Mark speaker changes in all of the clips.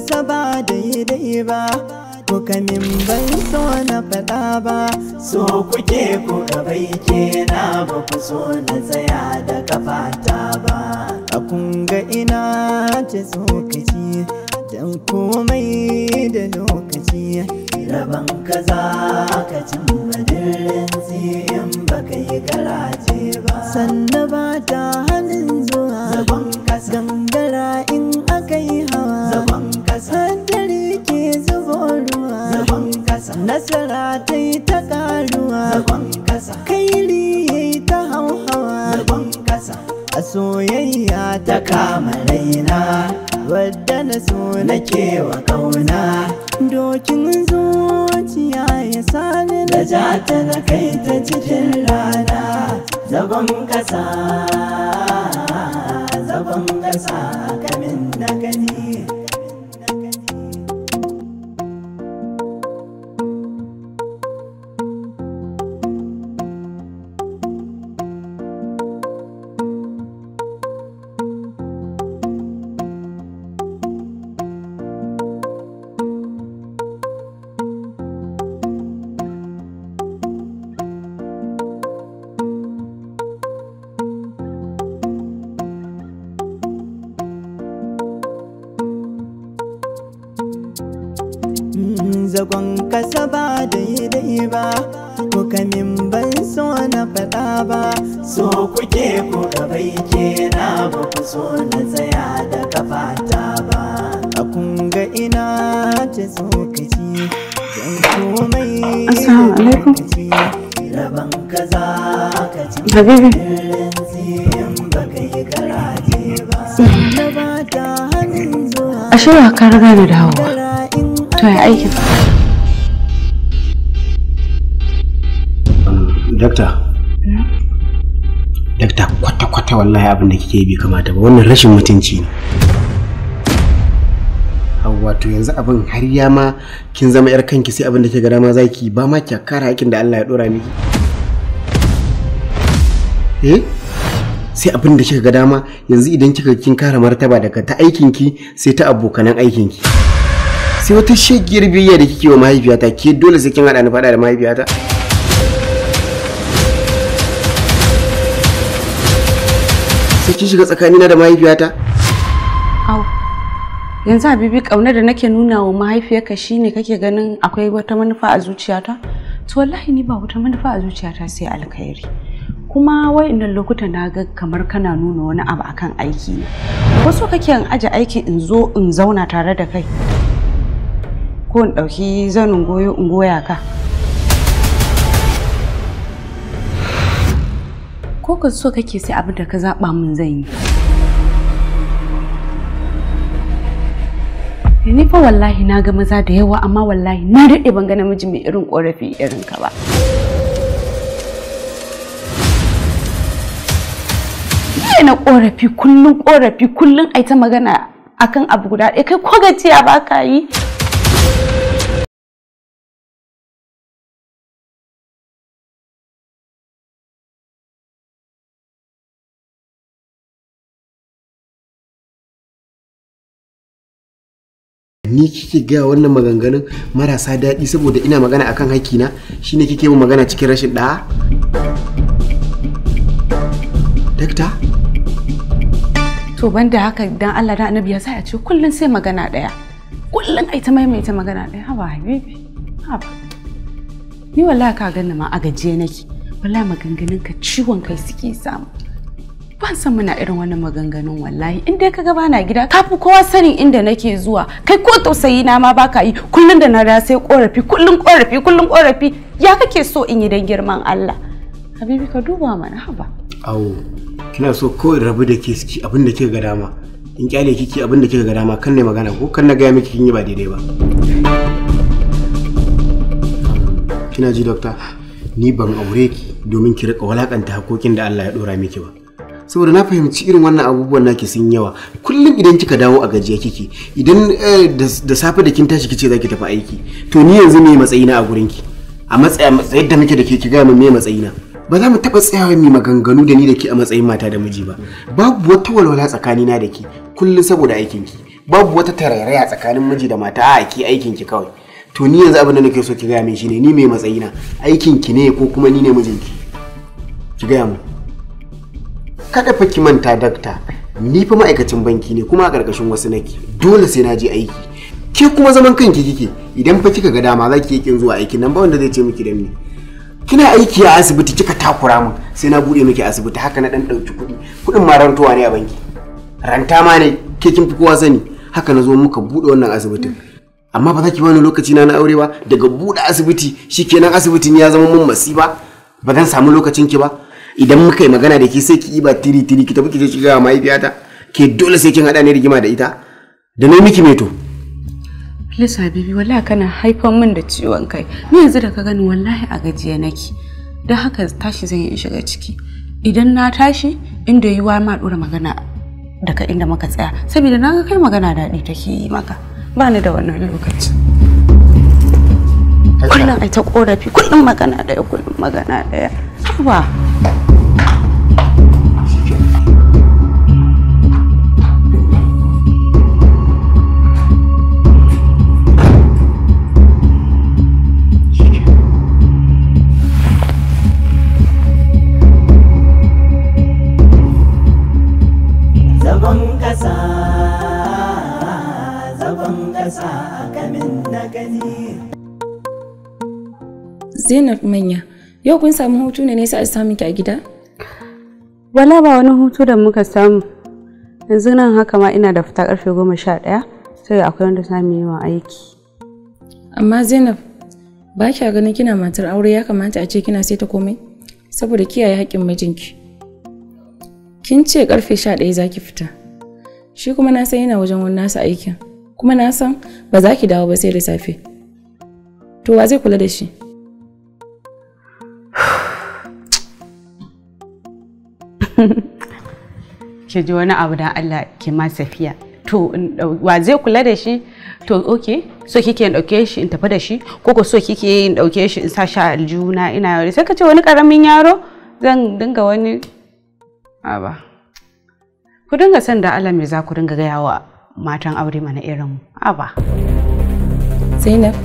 Speaker 1: rasa ba daidai ba ka min ban so na faɗa ba so kuke ku ke na ba ku so na tsaya da kafata ba a kunga ina ta lokaci dan komai da lokaci rabon kaza ka cin badirin in baka yi karace ba sannan ba ta hannun zuwa gangara in aka yi hawa ƙasa ke zubo ruwa nasara ta yi ta ƙaruwa kairi ya yi ta hauhawa a soyayya ta kama raina wadda na so na kewa ƙauna dokin zuciya ya sani Na ja ta na kai ta cikin rana zagon ƙasa zagon ƙasa kamin na gani ragon kasa ba daidai ba kuka min ban so na fada ba so kuke ku gabai kena ba ku so na tsaya da kafata ba a kunga ina ce tsokaci don komai
Speaker 2: da lokaci rabon kaza ka ci a shirya ka riga da dawowa to ya aiki ba
Speaker 3: ta wallahi abin da kike bai kamata ba wannan rashin mutunci ne wato yanzu abin har ya ma kin zama yar kanki sai abin da ke ga dama zaki ba ma kya kara hakin da Allah ya dora miki eh sai abin da kika ga dama yanzu idan kika kin kara martaba daga ta aikinki sai ta abokanan aikinki sai wata shegiyar biyayya da kike wa mahaifiyata ke dole sai kin hada ni fada da mahaifiyata sai kin shiga tsakanina da mahaifiyata
Speaker 4: au
Speaker 2: yanzu habibi kaunar da nake nuna wa mahaifiyarka shine kake ganin akwai wata manufa a zuciyata to wallahi ni ba wata manufa a zuciyata sai alkhairi kuma wa'innan lokuta na ga kamar kana nuna wani abu akan aiki ne wasu kake in aje aiki in zo in zauna tare da kai ko in ɗauki zanin goyo in goya ka ko ka so kake sai abin da ka zaɓa min zan yi eh, ni fa wallahi na ga maza da yawa amma wallahi na daɗe ban ga namiji mai irin ƙorafi irin ka ba na korafi kullum korafi kullum ai ta magana akan
Speaker 5: abu guda ɗaya kai ko gajiya ba ka yi
Speaker 6: ni kike gaya wannan maganganun marasa daɗi saboda ina magana
Speaker 3: akan hakina shine kike mu magana cikin rashin ɗa?
Speaker 7: dakta
Speaker 2: to ban haka dan Allah da annabi ya sa ya ce kullun sai magana ɗaya kullun ai ta maimaita magana ɗaya haba habibi haba ni wallahi ka ganna ma a gajiye nake wallahi maganganun ka ciwon kai suke samu ban san muna irin wannan maganganun wallahi in dai kaga na gida kafi kowa sanin inda nake zuwa kai ko tausayi na ma baka yi kullun da na da sai korafi kullun korafi kullun korafi ya kake so in yi dan girman Allah habibi ka duba mana haba
Speaker 3: awo kina so ko rabu da ke ciki abin da kika ga dama in kyale kiki abin da kika ga dama kan ne magana ko kan na ga miki kin yi ba daidai ba kina ji doctor ni ban aure ki domin ki rika walakanta hakokin da Allah ya dora miki ba saboda na fahimci irin wannan abubuwan ke sun yawa kullum idan kika dawo a gajiya kike idan eh, da safe da kin tashi kice zaki tafi aiki to ni yanzu me matsayina a gurin ki a matsayin da muke da ke ki ga me matsayina ba za mu taɓa tsayawa mai maganganu da ni da ke a matsayin mata da miji ba babu wata walwala tsakanina da ke kullum saboda aikin ki babu wata tararraya tsakanin miji da mata a ke aikin ki kawai to ni yanzu abin da nake so ki gaya min shine ni mai na aikin ki ne ko kuma ni ne mijinki ki gaya mu kada fa ki manta dakta ni fa ma'aikacin banki ne kuma a ƙarƙashin wasu nake dole sai na je aiki ke kuma zaman kanki kike idan fa kika ga dama za ki yi kin zuwa aikin nan ba wanda zai ce miki danne ni kina aiki a asibiti kika takura min sai na bude miki asibiti haka na dan dauki kuɗi kuɗin ma rantowa ne a banki ranta ma ne ke kin fi kowa sani haka na zo muka bude wannan asibitin amma ba za ki wani lokaci na na aure ba daga bude asibiti shikenan asibitin ya zama mun masiba ba zan samu lokacin ki ba idan muka yi magana da ke sai ki ba tiri tiri ki tafi ki ce ki mahaifiyata ke dole sai kin hada ne rigima da ita da ne miki meto
Speaker 2: Please Habibi wallahi kana haifan min da ciwon kai ni yanzu da ka gani wallahi a gajiya nake don haka tashi zan yi shiga ciki idan na tashi inda yiwa ma dora magana daga inda muka tsaya saboda na ga kai magana daɗi take yi maka bani da wannan lokacin kullum ai ta korafi kullum magana daya kullum magana daya haba
Speaker 8: Zainab manya, yau kun samu hutu ne nesa a samu ki a gida? Wala ba wani hutu da muka samu. Yanzu nan haka ma ina da fita karfe goma sha ɗaya, sai akwai wanda yi wa aiki. Amma Zainab, ba kya ganin kina matar aure ya kamata a ce kina saita komai? Saboda kiyaye haƙƙin mijinki. Kin ce karfe sha ɗaya za ki fita. Shi kuma na san yana wajen wani nasa aikin. Kuma na san ba za ki dawo ba sai da safe. To wa zai kula da shi?
Speaker 2: ki ji wani abu dan Allah ki ma safiya to wa zai kula da shi to okay so kike in dauke shi in tafi da shi ko ko so kike in dauke shi in sa shi aljuna ina yare sai ka ce wani karamin yaro zan dinga wani a ba ku dinga san da Allah me za ku dinga gaya wa matan aure mana irin
Speaker 8: a ba Zainab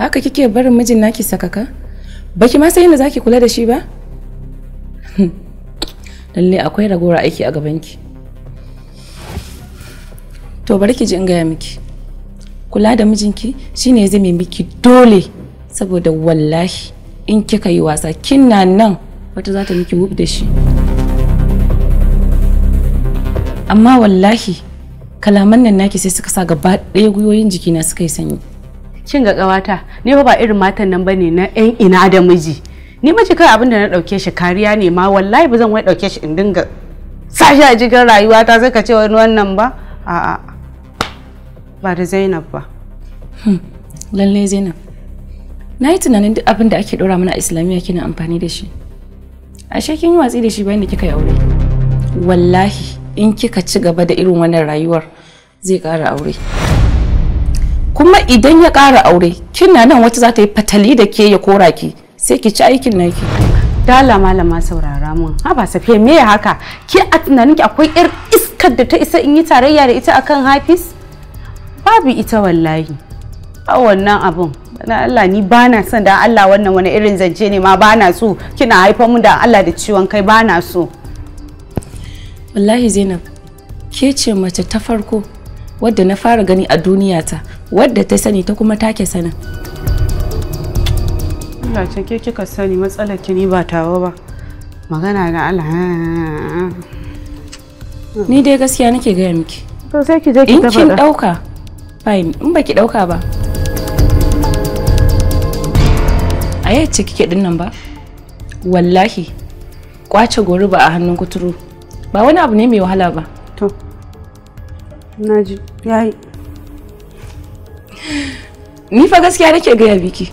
Speaker 8: haka kike barin mijin naki sakaka baki ma sai ina zaki kula da shi ba lalle akwai ragowar aiki a gabanki to bari ki ji in gaya miki kula da mijinki shine zai mai miki dole saboda wallahi in kika yi wasa kina nan wata za ta miki wub da shi amma wallahi kalaman nan naki sai suka sa gaba ɗaya gwiwoyin jikina suka yi sanyi kin ga ƙawata ni ba irin
Speaker 2: matan nan bane na 'yan ina da miji ni mace kai abin da na dauke shi kariya ne ma wallahi ba zan wai dauke shi in dinga sashi a cikin rayuwata sai ka ce wani wannan ba a'a
Speaker 8: ba da Zainab ba hmm, lallai Zainab na yi tunanin duk abin da ake dora mana a islamiyya kina amfani da shi ashe kin yi watsi da shi bayan da kika yi aure wallahi in kika ci gaba da irin wannan rayuwar zai kara aure kuma idan ya kara aure kina nan wata za ta yi fatali da ke ya kora ki sai ki ci aikin naki
Speaker 2: dala malama saurara mun ha ba safiya me ya haka ki a tunanin ki akwai ir iskar da ta isa in yi tarayya da ita akan hafis. babu ita wallahi a wannan abun na Allah ni bana son da Allah wannan wani irin zance ne ma bana so kina haifa mu da Allah da ciwon kai bana
Speaker 8: so wallahi Zainab ke ce mace ta farko wadda na fara gani a duniyata wadda ta sani ta kuma take sanin
Speaker 2: Allah ce ke kika sani matsalar ki ni ba tawa ba magana ga Allah
Speaker 8: ni dai gaskiya nake gaya miki to sai ki je ki tabbata in kin dauka fine in ba ki dauka ba a ce kike din nan ba wallahi kwace gori ba a hannun kuturu ba wani abu ne mai wahala ba to naji yayi ni fa gaskiya nake gaya miki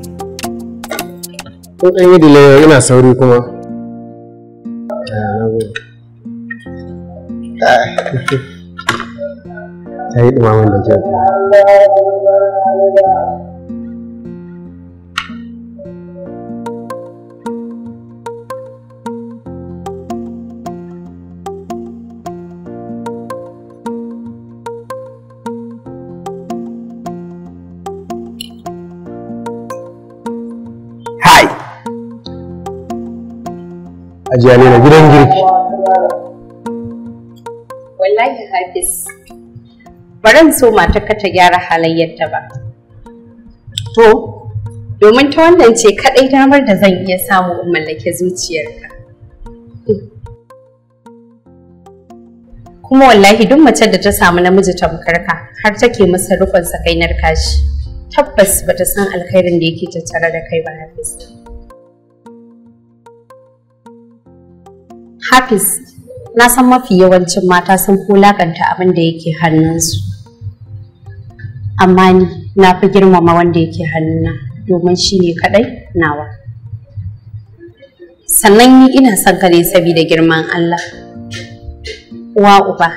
Speaker 3: Kun ɗan yi delay ina sauri kuma.
Speaker 9: Ah, Ta yi ɗumamin da
Speaker 3: ajiya ne na gidan girki
Speaker 9: wallahi hafiz baran so mata ta gyara halayyarta ba to domin ta wannan ce kadai damar da zan iya samu in mallake zuciyarka kuma wallahi duk mace da ta samu namiji tamkarka har take masa rufin sakainar kashi tabbas bata san alkhairin da yake tattare da kai ba hafiz hafiz na san mafi yawancin mata sun kulakanta abin da yake hannunsu amma ni na fi girmama wanda yake hannuna domin shi ne kaɗai nawa sannan ni ina son ka ne saboda girman Allah uwa uba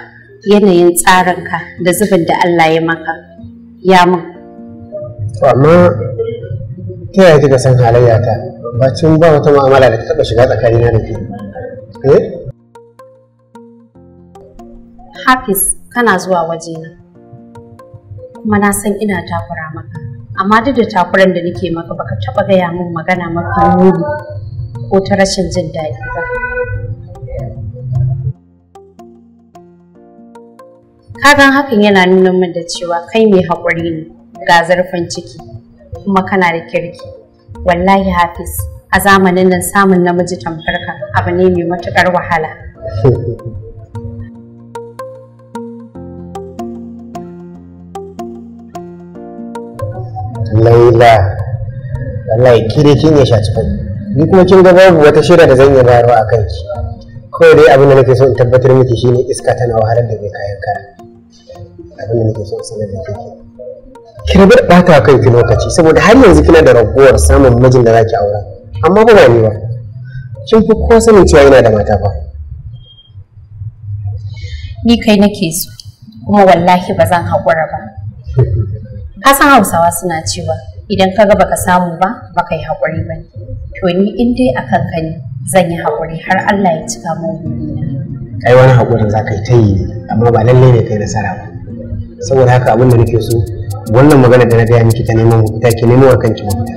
Speaker 9: yanayin tsarinka da zubin da Allah ya maka ya mun amma ta yaya kika san halayyata
Speaker 3: bacin ba wata mu'amala da ta taɓa shiga tsakanina da ke
Speaker 9: eh Hafiz kana zuwa wajena kuma na san ina takura maka amma duk da takuran da nake maka baka taba gaya min magana mafi muni ko ta rashin jin daɗi ba kagan hakan yana nuna min da cewa kai mai haƙuri ne ga zarfin ciki kuma kana da kirki wallahi hafiz a zamanin nan samun namiji tamkar ka abu ne mai matukar wahala laila wallahi ne kin ya shaci
Speaker 3: kai ni kuma kin ga babu wata shirya da zan yi bayarwa a ki. kawai dai abin da nake so in tabbatar miki shine iska tana wahalar da mai kayan kara abin da nake so in sanar da ke ki rabu da bata ki lokaci saboda har yanzu kina da raguwar samun mijin da zaki aura amma ba ni ba kin fi kowa sanin cewa yana da mata ba
Speaker 9: ni kai nake so kuma wallahi ba zan haƙura ba ka san hausawa suna cewa idan ka ga baka samu ba baka yi haƙuri ba to ni in dai akan ka ne zan yi haƙuri har Allah ya cika min burina
Speaker 1: ai
Speaker 3: wani haƙurin za ka yi ta yi amma ba lallai ne kai nasara ba saboda haka abin da nake so wannan magana da na gaya miki ta neman mafita ki nemo wa kanki mafita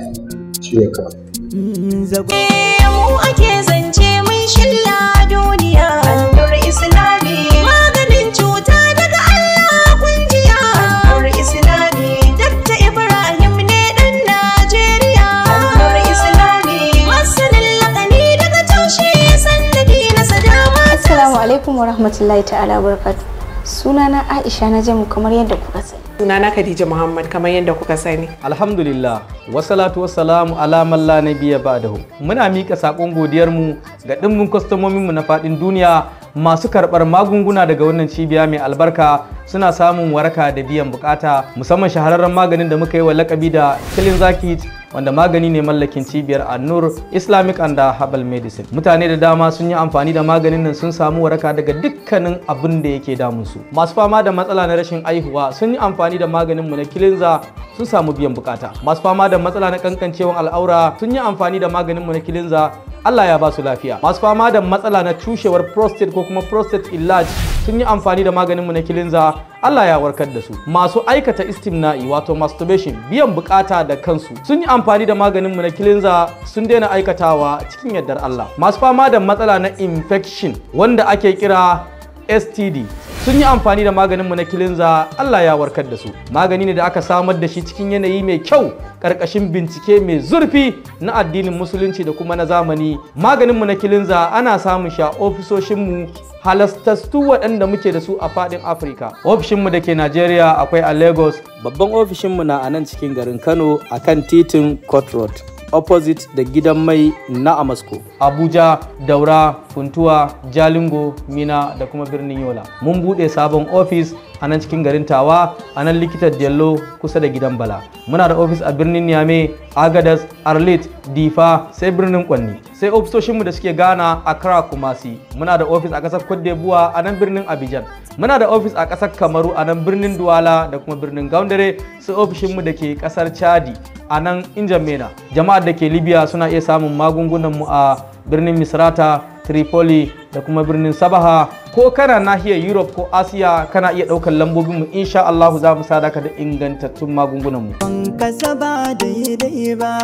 Speaker 3: shi ne kawai
Speaker 1: Eh, mu ake zance mun shilla duniya andur islami maganin cuta daga Allah kungiya andur islami dakta ibrahim ne dan najeriya andur islami masanin lakani daga taushe sannadi na sadama assalamu
Speaker 6: alaikum
Speaker 2: wa rahmatullahi ta'ala barakatuh Sunana Aisha na jamu kamar yadda kuka sani.
Speaker 5: Sunana Khadija Muhammad kamar yadda kuka sani. Alhamdulillah, wasalatu wasalamu ala man la nabiyya ba'dahu. Muna mika saƙon godiyar mu ga dimbin kwastomomin mu na faɗin duniya masu karɓar magunguna daga wannan cibiya mai albarka suna samun waraka da biyan bukata musamman shahararren maganin da muka yi wa lakabi da killin zakit wanda magani ne mallakin cibiyar annur islamic and herbal medicine mutane da dama sun yi amfani da maganin nan sun samu waraka daga dukkanin abin da yake damun su. masu fama da matsala na rashin aihuwa sun yi amfani da maganin mu na kilinza sun samu biyan bukata masu fama da matsala na kankancewan al'aura sun yi amfani da maganin mu na kilinza Allah ya ba su lafiya masu fama da matsala na cushewar prostate ko kuma prostate enlarge sun yi amfani da maganin mu na kilinza Allah ya warkar da su masu aikata istimna'i wato masturbation biyan bukata da kansu sun yi amfani da maganin mu na kilinza sun daina aikatawa cikin yardar Allah masu fama da matsala na infection wanda ake kira std sun yi amfani da maganinmu na kilinza allah ya warkar da su magani ne da aka samar da shi cikin yanayi mai kyau ƙarƙashin bincike mai zurfi na addinin musulunci da kuma na zamani maganinmu na kilinza ana samun sha a ofisoshinmu halastastu waɗanda muke da su a faɗin afirka ofishinmu da ke najeriya akwai a lagos babban ofishinmu na a nan cikin garin kano akan titin court road opposite da gidan mai na Amasko. Abuja, Daura, Funtuwa, Jalingo, Mina da kuma birnin Yola. Mun buɗe sabon ofis a nan cikin garin tawa a nan likitar diallo kusa da gidan bala muna da ofis a birnin niame agadas arlit difa sai birnin kwanni sai ofisoshinmu da suke gana a accra kumasi muna da ofis a kasar cote d'ivoire a nan birnin abidjan muna da ofis a kasar kamaru a nan birnin duwala da kuma birnin gaundare sai ofishinmu da ke kasar chadi a nan injamena jama'ar da ke libya suna iya samun magungunan mu a birnin misrata tripoli da kuma birnin Sabaha ko kana nahiyar Europe ko Asiya kana iya ɗaukar lambobin mu insha Allah za mu sadaka da ingantattun magungunan mu.
Speaker 1: Ban ba daidai ba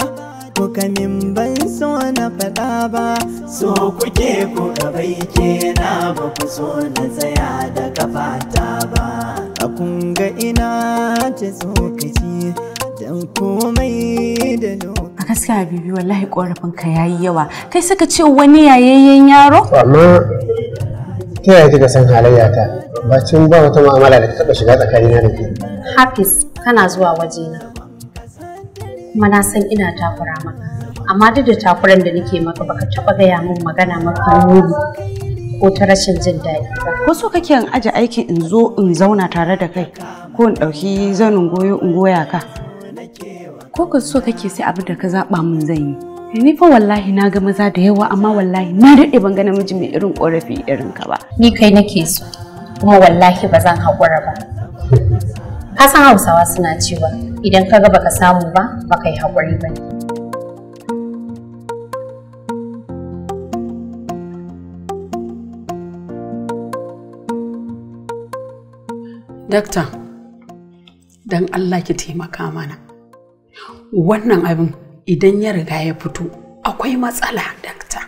Speaker 1: ko kamin ban so na faɗa ba so kuke ko gabai na
Speaker 5: ba ku so
Speaker 1: na tsaya da kafata ba. A kunga ina ta tsokaci dan komai da lokaci. a gaskiya bibi wallahi korafin ka
Speaker 2: yayi yawa kai suka ce wani yayayyen yaro
Speaker 3: amma ta yaya kika san halayya ta ba cin ba wata mu'amala da ta taba shiga tsakanina da ke
Speaker 9: hafiz kana zuwa wajena kuma na san ina takura maka amma duk da takuran da nake maka baka taba gaya min magana mafi muni ko ta rashin jin daɗi
Speaker 2: ba ko so kake in aje aiki in zo in zauna tare da kai ko in ɗauki zanin goyo in goya ka ko ka so kake sai abin da ka zaba mun zan yi ni fa wallahi na ga maza da yawa amma wallahi na daɗe ban ga namiji mai irin korafi irin ka ba
Speaker 9: ni kai nake so kuma wallahi ba zan haƙura ba ka san hausawa suna cewa idan ka ga baka samu ba baka yi haƙuri ba
Speaker 2: ne don Allah ki taimaka mana. wannan abin idan ya riga ya fito
Speaker 8: akwai matsala dakta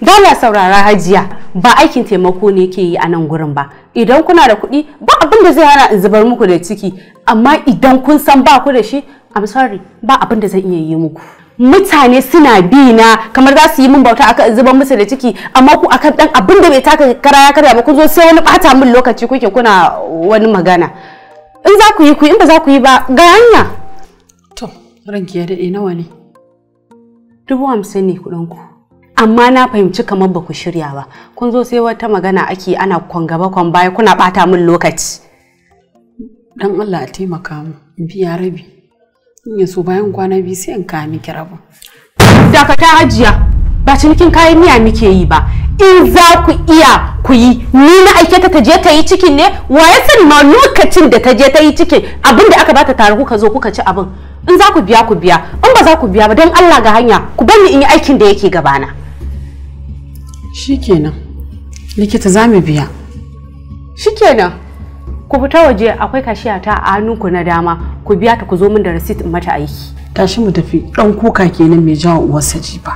Speaker 2: ba na saurara hajiya ba aikin taimako ne ke yi a nan gurin ba idan kuna da kuɗi ba abin da zai hana in zubar muku da ciki amma idan kun san ba ku da shi I'm sorry ba abin da zan iya yi muku mutane suna bi na kamar za su yi min bauta akan zubar musu da ciki amma ku akan dan abin da bai taka kara ya karya ba ku zo sai wani bata min lokaci kuke kuna wani magana in za ku yi ku in ba za ku yi ba ga hanya ranki ya daɗe nawa ne dubu hamsin ne kuɗinku amma na fahimci kamar ba ku shirya ba kun zo sai wata magana ake ana kwan gaba kwan baya kuna ɓata min lokaci dan Allah a taimaka mu in biya rabi in ya so bayan kwana biyu sai in kawo miki rabin dakata hajiya ba cinikin kayan miya muke yi ba in za ku iya ku yi ni na aike ta je ta yi cikin ne wa ya sani ma lokacin da ta je ta yi cikin abin da aka bata tare kuka zo kuka ci abin in za ku biya ku biya in ba za ku biya ba don Allah ga hanya ku bar ni in yi aikin da yake gabana shikenan likita za mu biya shikenan ku fita waje akwai kashiya ta a hannunku na dama ku biya ta ku zo min da receipt in mata aiki tashi mu tafi ɗan kuka kenan mai jawo uwarsa jifa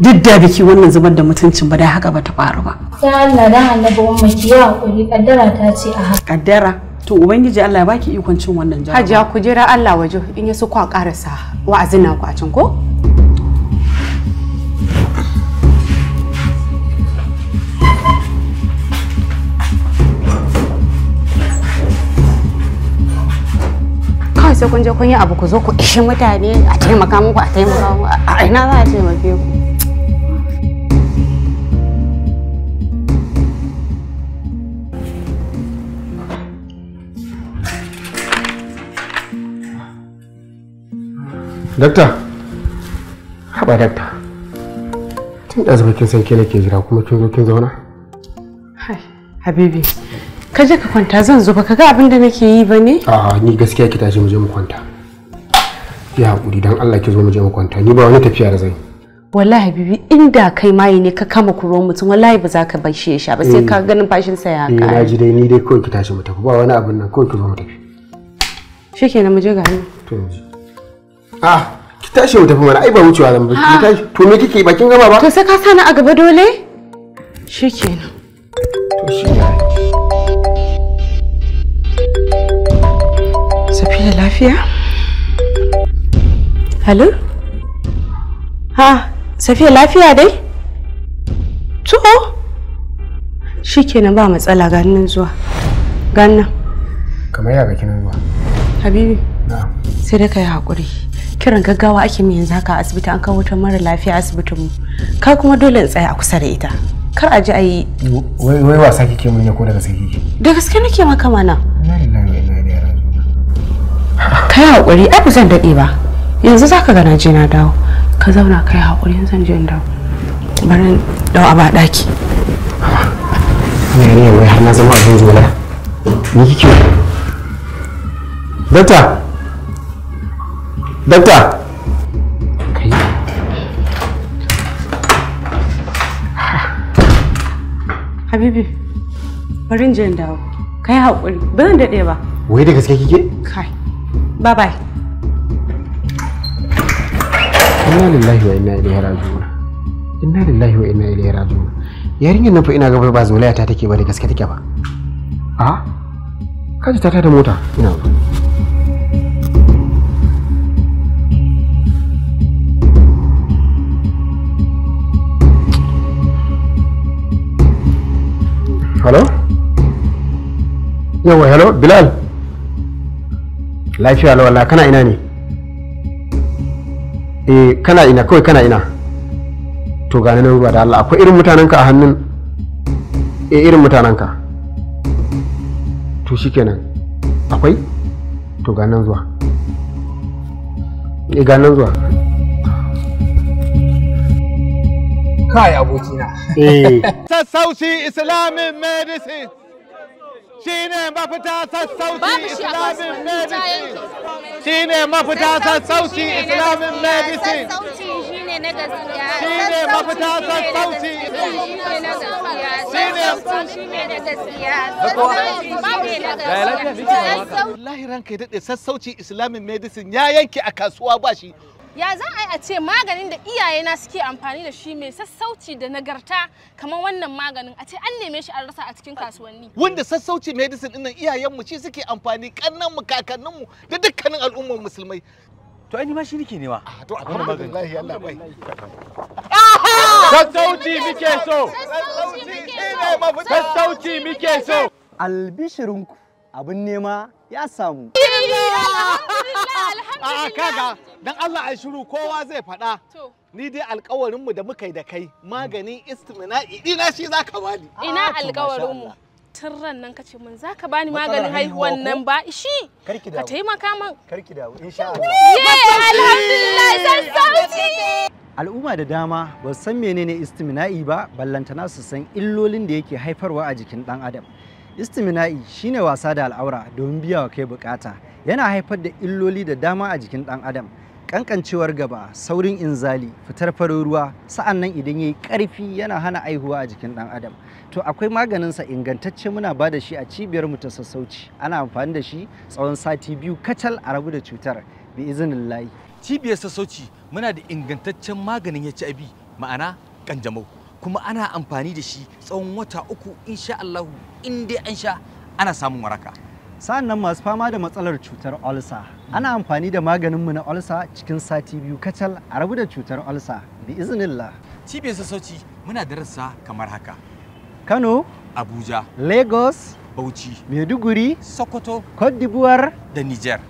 Speaker 2: duk da biki wannan zubar da mutuncin ba dai haka ba ta faru ba. Ta Allah da annabi wa maki yawa ni kaddara ta ce a haka. Kaddara to ubangiji Allah ya baki ikon cin wannan jarabawa hajiya ku Allah waje in ya so ku karasa wa'azin ku a cin ko kawai sai kun je kun yi abu ku zo ku ishe mutane a taimaka muku a taimaka muku a ina za a taimake ku
Speaker 3: dakta haɓa dakta tun da zuba kin san ke nake jira kuma kin zo kin zauna
Speaker 2: habibi ka je ka kwanta zan zo ba ka ga abin da nake yi ba ne
Speaker 3: a ni gaskiya ki tashi mu je mu kwanta ya haƙuri dan Allah ki zo mu je mu kwanta ni ba wani tafiya da zan
Speaker 2: wallahi habibi inda kai maye ne ka kama kuro mutum wallahi ba za ka bar shi ya sha ba sai eh. ka ganin fashin sa ya ƙara eh, na
Speaker 3: ji dai ni dai kawai ki tashi mu tafi ba wani abin nan kawai ki zo mu tafi
Speaker 2: shikenan mu je ga ni
Speaker 3: to ah ki tashi mu tafi mana ai ba wucewa zan ba ki tashi to me kike
Speaker 2: bakin gaba ba to sai ka sani a gaba dole shikenan to shi Safiya lafiya Hello ha Safiya lafiya dai to shikenan ba matsala ganin zuwa ganin
Speaker 3: kamar ya ga kinin zuwa
Speaker 2: Habibi na'am sai dai ka yi haƙuri kiran gaggawa ake min yanzu haka a asibiti an kawo wata mara lafiya asibitin mu ka kuma dole in tsaya a kusa da ita kar a ji a yi
Speaker 3: wai wa wasa ke mun ne ko
Speaker 2: daga gaske ke. da gaske nake maka mana kai hakuri ai ba zan daɗe ba yanzu zaka ga na je na dawo ka zauna kai hakuri zan je in dawo bari dawo a ba daki
Speaker 3: ne ne wai har na zama abin zuwa ni kike Dokta,
Speaker 10: Dokta.
Speaker 2: Habibi, bari in je in dawo. Kai haƙuri, zan daɗe ba.
Speaker 3: Wai da gaske kike?
Speaker 2: Kai. Bye bye.
Speaker 3: Inna lillahi wa inna ilaihi raji'un. Inna lillahi wa inna ilaihi raji'un. Yarinyar nan fa ina gaba ba zolaya ta take ba da gaske take ba. A? Ah? Kaji ta ta mota. Ina ba. hello yawa hello bilal lafiya la wallah kana ina ne eh kana ina kawai kana ina to gane na ruwa da Allah akwai irin mutanenka a hannun e irin mutanenka to shikenan akwai to ganin zuwa
Speaker 11: e eh, ganin zuwa kai abokina eh. sassauci islamic medicine
Speaker 5: shine mafita sassauci islamic medicine
Speaker 7: shine mafita sassauci islamic medicine
Speaker 5: shine
Speaker 6: na shine mafita sassauci shine na gaskiya
Speaker 5: wallahi ranka ya dade sassauci islamic
Speaker 7: medicine ya yanke a kasuwa ba shi
Speaker 2: ya za a yi a ce maganin da iyayena suke amfani da shi mai sassauci da nagarta kamar wannan maganin a ce an neme shi an rasa a cikin kasuwanni
Speaker 12: wanda sassauci medicine dinnan iyayenmu shi suke amfani kannanmu kakanninmu da dukkanin al'ummar
Speaker 5: musulmai to ai ma shi nake nema ah, to abin da wallahi Allah bai sassauci muke so sassauci muke
Speaker 12: so albishirinku abin nema ya samu
Speaker 1: Alhamdulillah, alhamdulillah. Ah,
Speaker 7: Dan Allah ai shiru kowa zai faɗa. Ni dai alkawarinmu da muka yi da kai maganin istimina'i ina shi za bani. Ina ah, alkawarinmu.
Speaker 2: Tun ran nan ka ce bani maganin haihuwan nan ba
Speaker 7: shi. Karki dawo. Ka taimaka min. Karki
Speaker 6: dawo insha Allah. Ye alhamdulillah san sauti.
Speaker 7: Al'umma da dama ba san menene istimina'i ba ballantana su san illolin da yake haifarwa a jikin ɗan adam. istimina'i shine wasa da al'aura domin biya wa kai bukata yana haifar da illoli da dama a jikin ɗan adam kankancewar gaba saurin inzali fitar farin ruwa sa'an nan idan ya yi ƙarfi yana hana aihuwa a jikin ɗan adam to akwai maganinsa ingantacce muna ba da shi a cibiyar mu ta sassauci ana amfani da shi tsawon sati biyu kacal a rabu da cutar bi izinin layi cibiyar sassauci muna da ingantaccen maganin hiv
Speaker 12: ma'ana kanjamau kuma ana amfani da shi tsawon wata uku insha allahu in
Speaker 4: dai an sha ana samun waraka
Speaker 7: sa'an nan masu fama da matsalar cutar olsa ana amfani da maganinmu na olsa cikin sati biyu kacal a rabu da cutar olsa bi iznillah
Speaker 5: cibiyar sassauci muna da kamar haka kano abuja
Speaker 7: lagos bauchi maiduguri sokoto cote d'ivoire da niger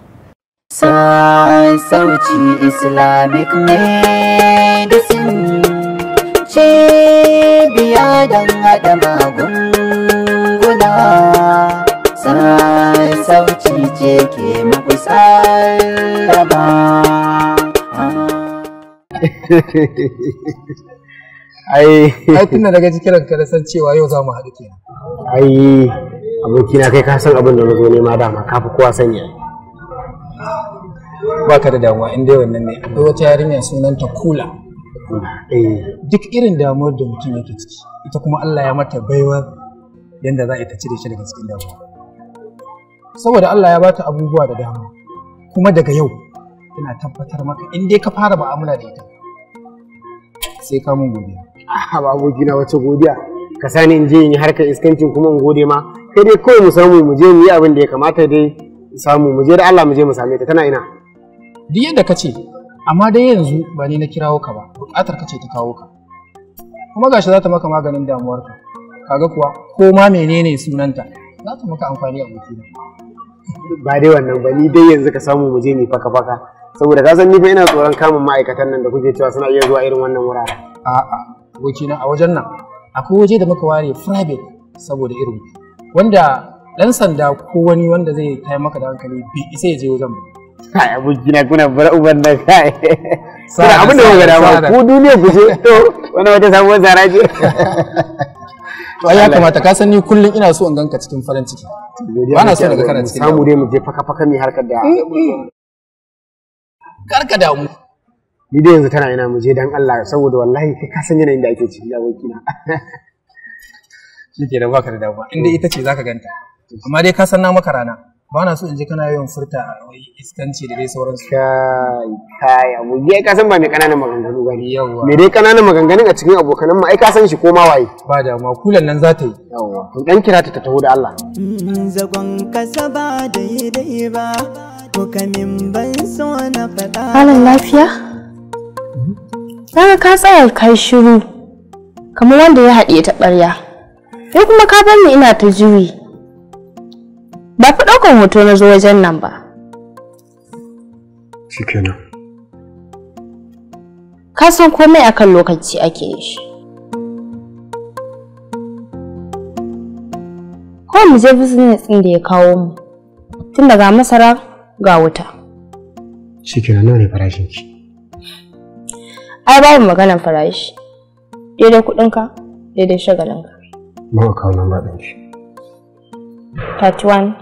Speaker 1: sassauci islamic medicine cibiya don haɗa magunguna sauci ce ke muku sarraba
Speaker 11: ai ai tunda daga kiran ka san cewa yau za mu haɗu kenan ai
Speaker 3: abokina kai ka san abin da na zo nema dama ka fi kowa sani
Speaker 11: ba ka da damuwa inda dai wannan ne akwai wata yarinya sunanta kula eh. duk irin damuwar da mutum yake ciki ita kuma Allah ya mata baiwar yadda za a ita cire shi daga cikin damuwa saboda Allah ya bata abubuwa da dama kuma daga yau ina tabbatar maka in dai ka fara ba'amala da ita sai
Speaker 3: ka mun godiya a babu gina wace godiya ka sani in je in yi harkar iskancin kuma in gode ma kai dai kawai mu samu mu je mu yi abin da ya kamata dai samu mu je da Allah mu je mu same ta tana ina
Speaker 11: duk yadda ka ce amma dai yanzu ba ni na kirawo ka ba buƙatar ka ce ta kawo ka kuma gashi za ta maka maganin damuwarka kaga kuwa ko ma menene sunanta za ta maka amfani a mutum
Speaker 3: ba dai wannan ba ni dai yanzu ka samu mu je ni faka faka saboda ka san ni fa ina tsoron kamun ma'aikatan nan da kuke cewa suna iya zuwa irin wannan wurare
Speaker 11: a'a wuce na a wajen nan akwai waje da muka ware private saboda irin wanda dan sanda ko wani wanda zai kai maka da hankali bi isa ya je wajen ba
Speaker 3: kai na kuna bar uban da kai sai abin da gada ma ko duniya ku je to
Speaker 12: wani wata sabuwar zara ce
Speaker 11: ai ya kamata ka san ni kullum ina so in ganka cikin farin ciki
Speaker 1: ba na so daga kana cikin samu dai mu
Speaker 11: je faka faka mi harkar da
Speaker 12: mm,
Speaker 1: mm.
Speaker 3: karka damu ni dai yanzu tana ina mu je dan Allah saboda wallahi kai ka
Speaker 11: san yanayin da ake ciki ya wakina ke da baka da damuwa inda ita ce zaka ganta amma dai ka san na maka rana ba na so in ji kana yawan furta wai iskanci da dai sauransu kai kai abu ya ka san ba mai kananan maganganu ba ne yawa me dai kananan maganganun
Speaker 3: a cikin abokanan ma ai ka san shi ko ma waye ba da ma kulan nan za ta yi yawa to dan kira ta ta taho da
Speaker 6: Allah mm, zagon yi
Speaker 1: da yi ba ko kamin ban so na fada
Speaker 6: halin lafiya Daga ka tsaya kai shiru kamar wanda ya haɗe ta ɓarya. Sai kuma ka bar ni ina ta juyi. ba fi ɗaukan hoto na zo wajen nan ba shikenan ka san komai akan lokaci ake yi shi kawai mu je business ɗin da ya kawo mu tun daga masara ga wuta
Speaker 3: shikenan nan ne farashin ki
Speaker 6: ai mu maganar farashi daidai kuɗinka daidai shagalinka
Speaker 3: ba a kawo nan ba ɗin
Speaker 6: Part 31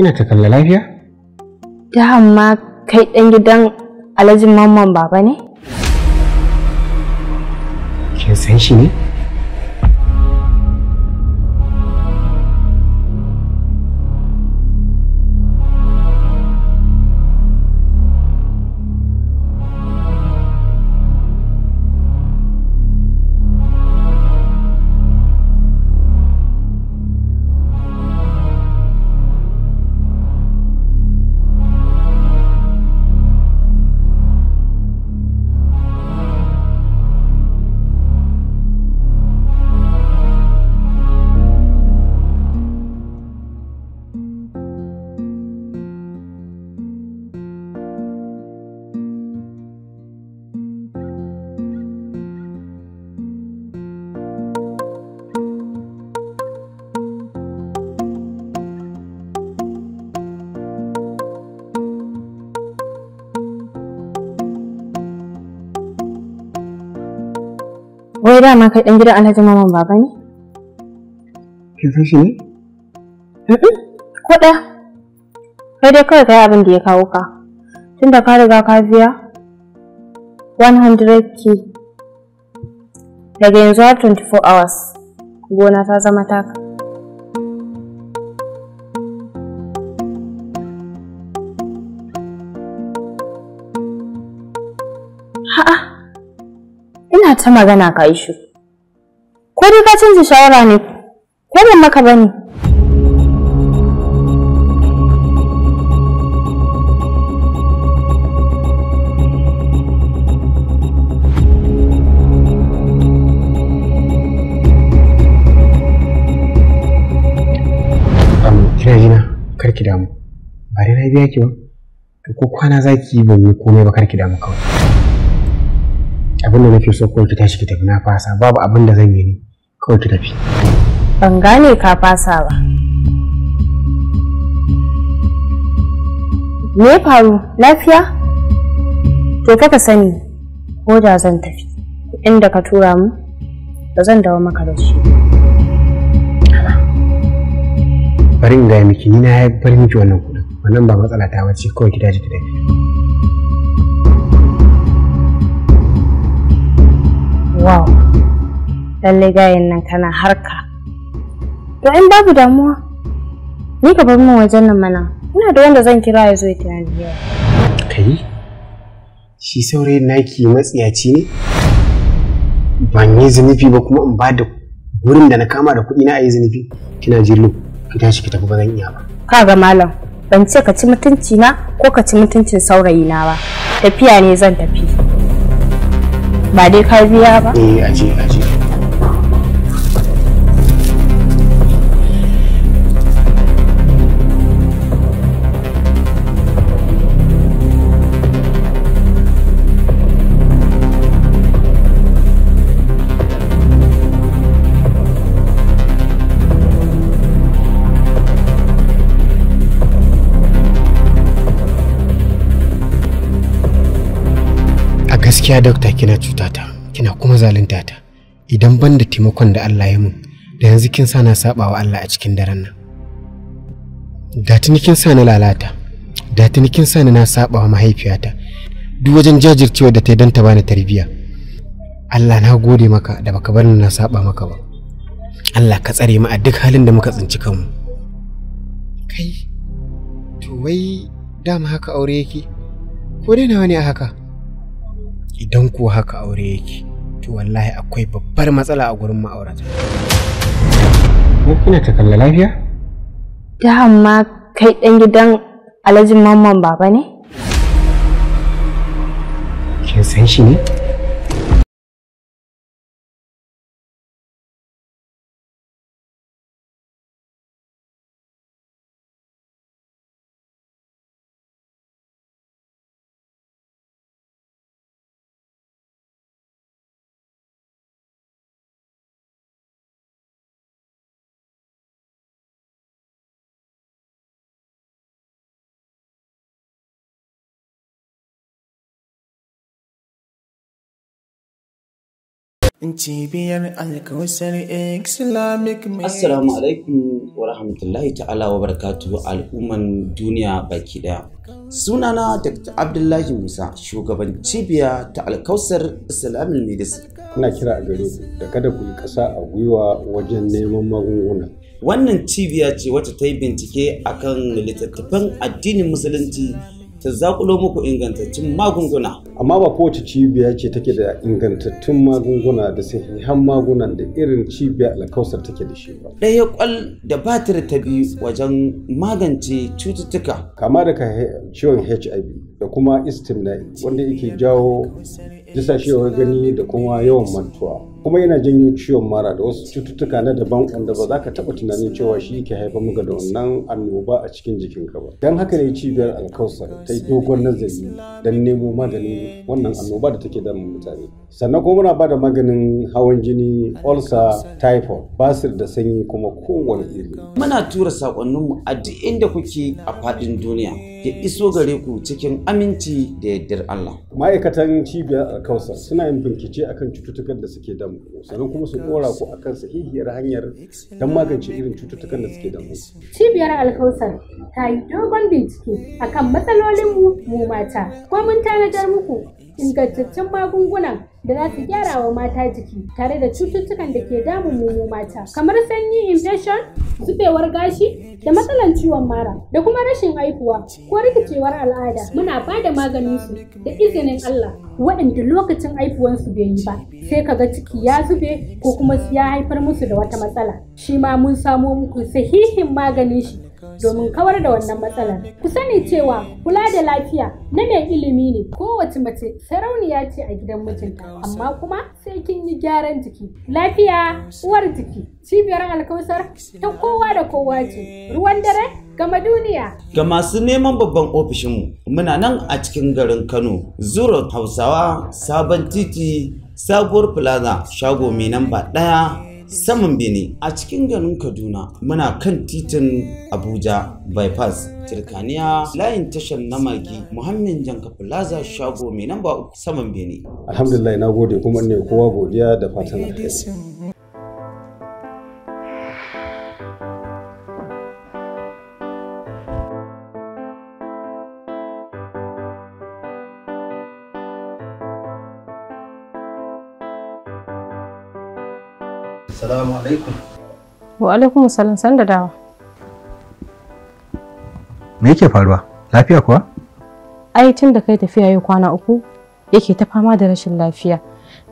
Speaker 3: Ina ta kalla lafiya?
Speaker 6: Da amma kai ɗan gidan alhaji mamman baba ne?
Speaker 3: Kin san
Speaker 4: shi ne?
Speaker 6: ma kai ɗan gidan Alhaji Maman Baba ne? Ki san shi ne? Ko da. Kai dai kawai kai abin da ya kawo ka. Tunda ka riga ka biya 100k daga yanzu har 24 hours gona ta zama taka. ta magana ka yi shi. Ko dai ka canza shawara ne, ko ban maka ba ne.
Speaker 3: ki damu ba dai na biya ki ba to ko kwana za ban yi komai ba kar ki damu kawai abin da nake so kawai ki tashi ki tafi na fasa babu abin da zan yi ne kawai ki tafi
Speaker 6: ban gane ka fasa ba me faru lafiya to ka sani ko da zan tafi inda ka tura mu da zan dawo maka da su
Speaker 10: bari
Speaker 3: in gaya miki ni na barin miki wannan kuɗin wannan ba matsala ta wace kawai ki tashi ki tafi
Speaker 6: wow lalle gayen nan kana harka to in babu damuwa ni ka bar min wajen nan mana ina da wanda zan kira ya zo ya tayar yau
Speaker 3: kai shi saurayin naki matsiyaci ne ban yi zunubi ba kuma in ba da wurin da na kama da kuɗi na a yi zunubi kina jirlo ki tashi ki tafi ba
Speaker 6: zan iya ba ka ga malam ban ce ka ci mutunci na ko ka ci mutuncin saurayi na ba tafiya ne zan tafi ba dai ka biya ba
Speaker 4: eh aje aje
Speaker 3: gaskiya dokta kina cutata kina kuma zalunta ta idan ban da taimakon da Allah ya mun da yanzu kin sa na saba wa Allah a cikin daren nan da tuni kin sa na lalata da tuni kin sa na saba wa mahaifiyata duk wajen jajircewa da ta dan ta bani tarbiyya Allah na gode maka da baka bar ni na saba maka ba Allah ka tsare mu a duk halin da muka tsinci kanmu kai to wai dama haka aure yake ko dai nawa ne a haka idan ko haka aure yake to wallahi akwai babbar matsala a gurin ma'aurata ko kina ta kalla lafiya
Speaker 6: da amma kai dan gidan alhaji mamman baba ne
Speaker 5: kin san shi ne Cibiyar
Speaker 7: Alkausar Islamic
Speaker 9: Assalamu alaikum wa rahmatullahi ta'ala wa
Speaker 12: barakatu al'umman duniya baki daya. Sunana Dr. Abdullahi Musa, shugaban cibiya ta Alkausar Islamic Medicine. Kuna kira a gare ku da kada ku yi ƙasa a gwiwa wajen neman magunguna. Wannan cibiya ce wacce ta yi bincike akan littattafan addinin Musulunci ta zakulo muku ingantattun magunguna.
Speaker 10: Amma ba kowace cibiya ce take da ingantattun magunguna da sahihan magunan da irin cibiya alkausar take da shi ba. Ɗaya kwal da batir ta bi wajen magance cututtuka. Kama daga ciwon HIV da kuma istimna'i wanda yake jawo jisashewar gani da kuma yawan mantuwa. kuma yana janyo ciwon mara da wasu cututtuka na daban wanda ba za ka taɓa tunanin cewa shi yake haifar maka da wannan annoba a cikin jikin ka ba don haka ne cibiyar alkausar ta yi dogon nazari don nemo maganin wannan annoba da take damun mutane sannan kuma muna ba maganin hawan jini ulcer typhoid basir da sanyi kuma kowane iri
Speaker 12: muna tura saƙonninmu a duk inda kuke a faɗin duniya ya iso gare ku cikin aminci da yardar Allah
Speaker 10: ma'aikatan cibiyar alkausar suna yin bincike akan cututtukan da suke damun sannan kuma su dora ku akan sahihiyar hanyar don magance irin cututtukan da suke damu.
Speaker 6: Cibiyar
Speaker 2: Alkausar ta yi dogon bincike akan matsalolin mu mata, ko mun tanadar muku ingantaccen magungunan da za su gyara wa mata jiki tare da cututtukan da ke damun mu mata kamar sanyi infection zubewar gashi da matsalan ciwon mara da kuma rashin haihuwa ko rikicewar al'ada muna ba da maganin su da izinin Allah waɗanda lokacin haihuwan su bai yi ba sai kaga ciki ya zube ko kuma ya haifar musu da wata matsala shi ma mun samo muku sahihin maganin shi domin kawar da wannan matsalar. Ku sani cewa kula da lafiya na mai ilimi ne kowace mace sarauniya ce a gidan mijinta amma kuma sai kin yi gyaran jiki. Lafiya uwar jiki cibiyar alkausar ta kowa da kowa ce ruwan dare gama duniya.
Speaker 12: Ga masu neman babban ofishinmu muna nan a cikin garin Kano, Zuro Hausawa, Sabon Titi, Sabuwar Plaza, shago mai namba ɗaya saman bene a cikin garin kaduna muna kan titin abuja bypass Turkaniya layin tashar na magi muhammin janka plaza shago mai namba uku saman bene
Speaker 10: alhamdulillah na gode kuma ne kowa godiya da fatan alheri
Speaker 7: alaikum.
Speaker 8: Wa alaikum salam san da dawa.
Speaker 7: Me yake faruwa? Lafiya kuwa?
Speaker 8: Ai tun da kai tafiya yau
Speaker 2: kwana uku yake ta fama da rashin lafiya.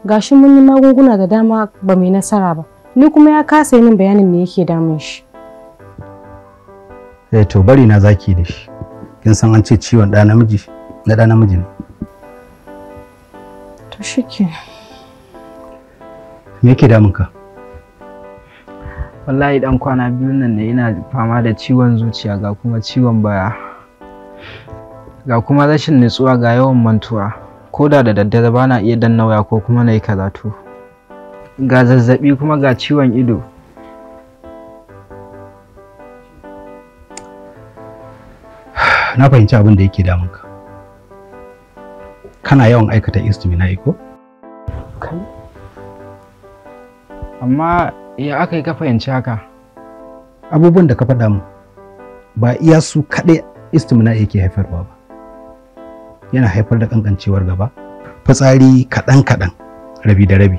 Speaker 2: Gashi mun yi magunguna da dama ba mai nasara ba. Ni kuma ya kasa yin bayanin me yake damun shi.
Speaker 7: Eh to bari na zaki da shi. Kin san an ce ciwon da namiji na da namiji ne.
Speaker 1: To shike.
Speaker 4: Me yake damun ka? wallahi dan kwana biyu nan ne ina fama da ciwon zuciya ga kuma ciwon baya ga kuma rashin nutsuwa ga yawan mantuwa ko da da daddare bana iya danna waya ko kuma na yi karatu ga zazzabi kuma ga ciwon ido
Speaker 7: na fahimci abin da yake damunka kana yawan aikata istimina ko?
Speaker 4: amma Ya aka yi ka fahimci haka?
Speaker 7: Abubuwan da ka faɗa mu ba iya su kaɗai istimna yake haifarwa ba. Yana haifar da ƙanƙancewar gaba, fitsari kaɗan-kaɗan, rabi da rabi.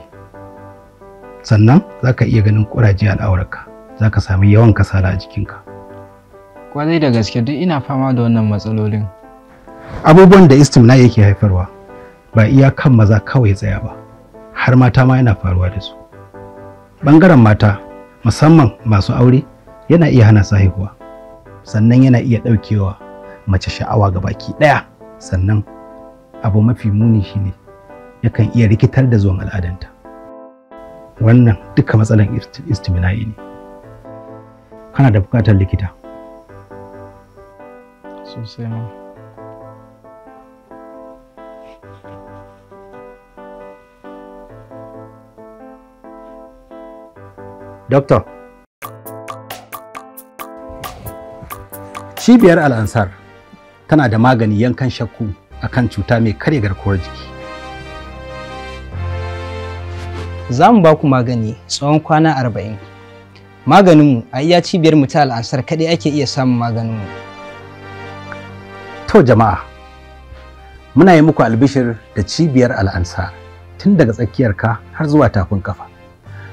Speaker 7: Sannan za ka iya ganin ƙuraje al'aurarka, za ka sami yawan kasala a jikinka.
Speaker 4: zai da gaske duk ina fama da wannan matsalolin.
Speaker 7: Abubuwan da istimna yake haifarwa ba iya kan maza kawai tsaya ba, har mata ma yana faruwa da su. Bangaren mata, musamman masu aure, yana iya hana su haihuwa. Sannan yana iya ɗaukewa mace sha'awa ga baki ɗaya. Sannan abu mafi muni shine yakan iya rikitar da zuwan al'adanta. Wannan duka matsalan istimina'i ne. Kana da bukatar likita.
Speaker 5: Sosai ma.
Speaker 7: Doktor. Cibiyar Al'ansar tana da magani yankan shakku a kan cuta mai karya garkuwar jiki.
Speaker 4: Za mu ba ku magani tsawon kwana arba'in. Maganinmu a iya cibiyar mu ta Al'ansar kaɗai ake iya samun maganinmu.
Speaker 7: To jama'a, muna yi muku albishir da cibiyar Al'ansar tun daga tsakiyar ka har zuwa tafin kafa.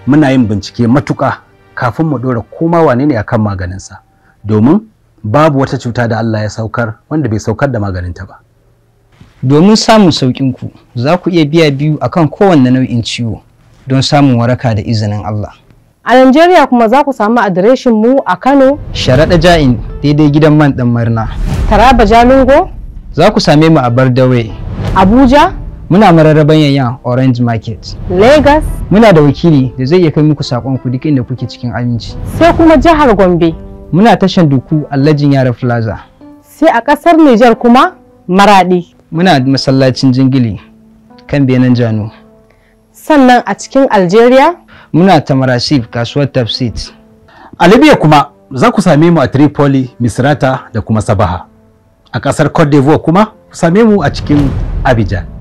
Speaker 7: muna yin bincike matuƙa kafin mu ɗora koma wane ne akan maganinsa domin
Speaker 4: babu wata cuta da Allah ya saukar wanda bai saukar da ta ba. Domin samun sauƙin ku za ku iya biya biyu akan kowanne nau'in ciwo don samun waraka da izinin Allah.
Speaker 2: A Najeriya kuma za ku samu adireshin mu a Kano.
Speaker 4: Sharaɗa Ja'in daidai gidan man ɗan Marna. Taraba Jalingo. Za ku same mu a Bardawe. Abuja. Muna mararraban yayyan Orange Market. Lagos. Muna da wakili da zai iya kai muku sakon ku duk inda kuke cikin aminci. Sai kuma jihar Gombe. Muna tashan duku Allajin Yara Plaza. Sai a ƙasar Nijar kuma Maradi. Muna masallacin Jingili kan Benin Jano. Sannan a cikin Algeria. Muna Tamarasif kasuwar Tafsit. A Libya kuma za ku same mu a Tripoli,
Speaker 7: Misrata da kuma Sabaha. A ƙasar Cote d'Ivoire kuma ku same mu a cikin Abidjan.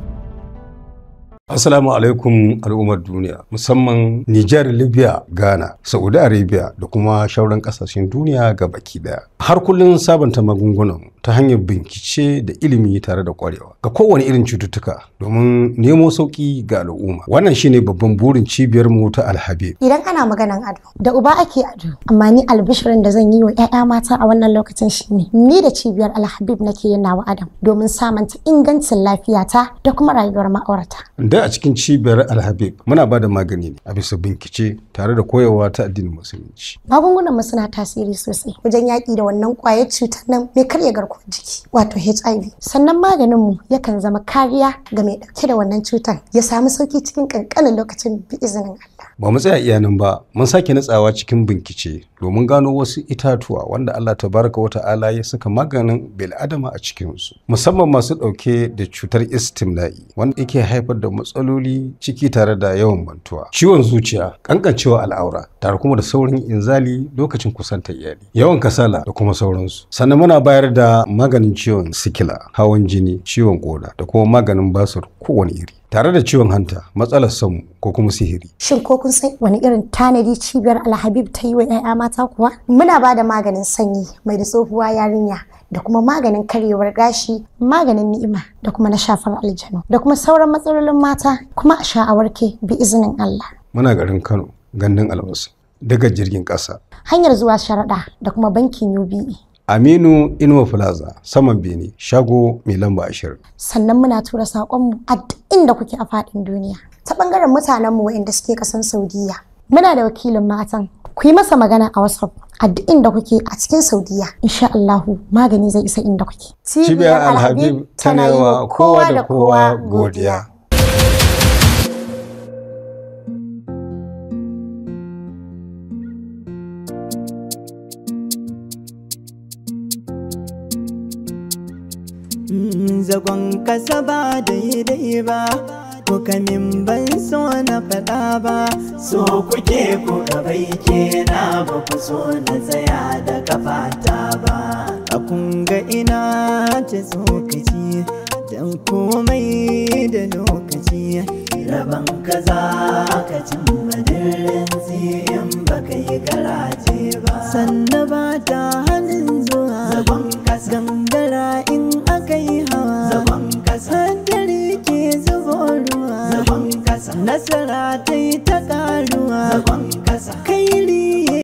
Speaker 7: Assalamu alaikum al'ummar duniya musamman Nijar,
Speaker 10: Libya, Ghana, Saudi Arabia da kuma shauran kasashen duniya ga baki daya. Har kullun sabanta magungunan ta hanyar bincike da ilimi tare da kwarewa ga kowane irin cututtuka domin nemo sauki ga al'umma. Wannan shine babban burin cibiyar mu ta Alhabib.
Speaker 13: Idan ana maganan ado da uba ake ado amma ni albishirin da zan yi wa ƴaƴa mata a wannan lokacin shine ni da cibiyar Alhabib nake yin nawa adam domin samanta ingancin lafiyata da kuma rayuwar ma'aurata.
Speaker 10: dai a cikin cibiyar alhabib muna ba da magani ne a bisa bincike tare da koyarwa ta addinin musulunci
Speaker 13: magungunan mu suna tasiri sosai wajen yaƙi da wannan ƙwayar cutar nan mai karya garkuwar jiki wato hiv sannan maganin mu yakan zama kariya ga mai ɗauke da wannan cutar ya samu sauki cikin ƙanƙanin lokacin bi izinin Allah
Speaker 10: Ba mu tsaya iya ba, mun sake natsawa cikin binkice domin gano wasu itatuwa wanda Allah Ta wa ta'ala ya saka maganin bil'adama a cikin su musamman masu ɗauke da cutar istimla'i wanda yake haifar da matsaloli ciki tare da yawan mantuwa, ciwon zuciya, kankancewa al'aura, tare kuma da saurin inzali lokacin kusanta iyali, yawan kasala da kuma sauransu. Sannan muna bayar da maganin ciwon sikila, hawan jini, ciwon koda da kuma maganin basur kowane iri. tare da ciwon hanta matsalar samu ko kuma sihiri.
Speaker 13: Shin ko kun san wani irin tanadi cibiyar Alhabib ta yi wa 'ya'ya mata kuwa? Muna ba da maganin sanyi mai da tsohuwa yarinya da kuma maganin karyewar gashi maganin ni'ima da kuma na shafar aljanu da kuma sauran matsalolin mata kuma a sha'awarke bi izinin Allah.
Speaker 10: Muna garin Kano gandun albasu daga jirgin ƙasa.
Speaker 13: Hanyar zuwa sharaɗa da kuma bankin UBE.
Speaker 10: Aminu Inuwa Plaza, saman Bini, shago mai lamba ashirin.
Speaker 13: Sannan muna tura saƙonmu a duk inda kuke a faɗin duniya. Ta ɓangaren mutanenmu waɗanda suke ƙasan Saudiya. Muna da wakilin matan. Ku yi masa magana a WhatsApp a duk inda kuke a cikin Saudiya. Insha Allahu magani zai isa inda kuke. Cibiyar Alhabib
Speaker 10: tana yi wa kowa da kowa godiya.
Speaker 1: zagon kasa ba daidai ba kuka min ban so na faɗa ba so kuke ku gabai kena ba ku so na tsaya da kafata ba a kunga ina ce tsokaci dan komai da lokaci rabon ka ka cimma dirin ziyan baka yi garaje ba sannan ba ta hannun zuwa zagon gangara in aka yi hawa zagon haddari ke zubo ruwa nasara ta yi ta karuwa kai riye